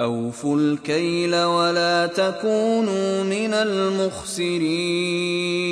أوفوا الكيل ولا تكونوا من المخسرين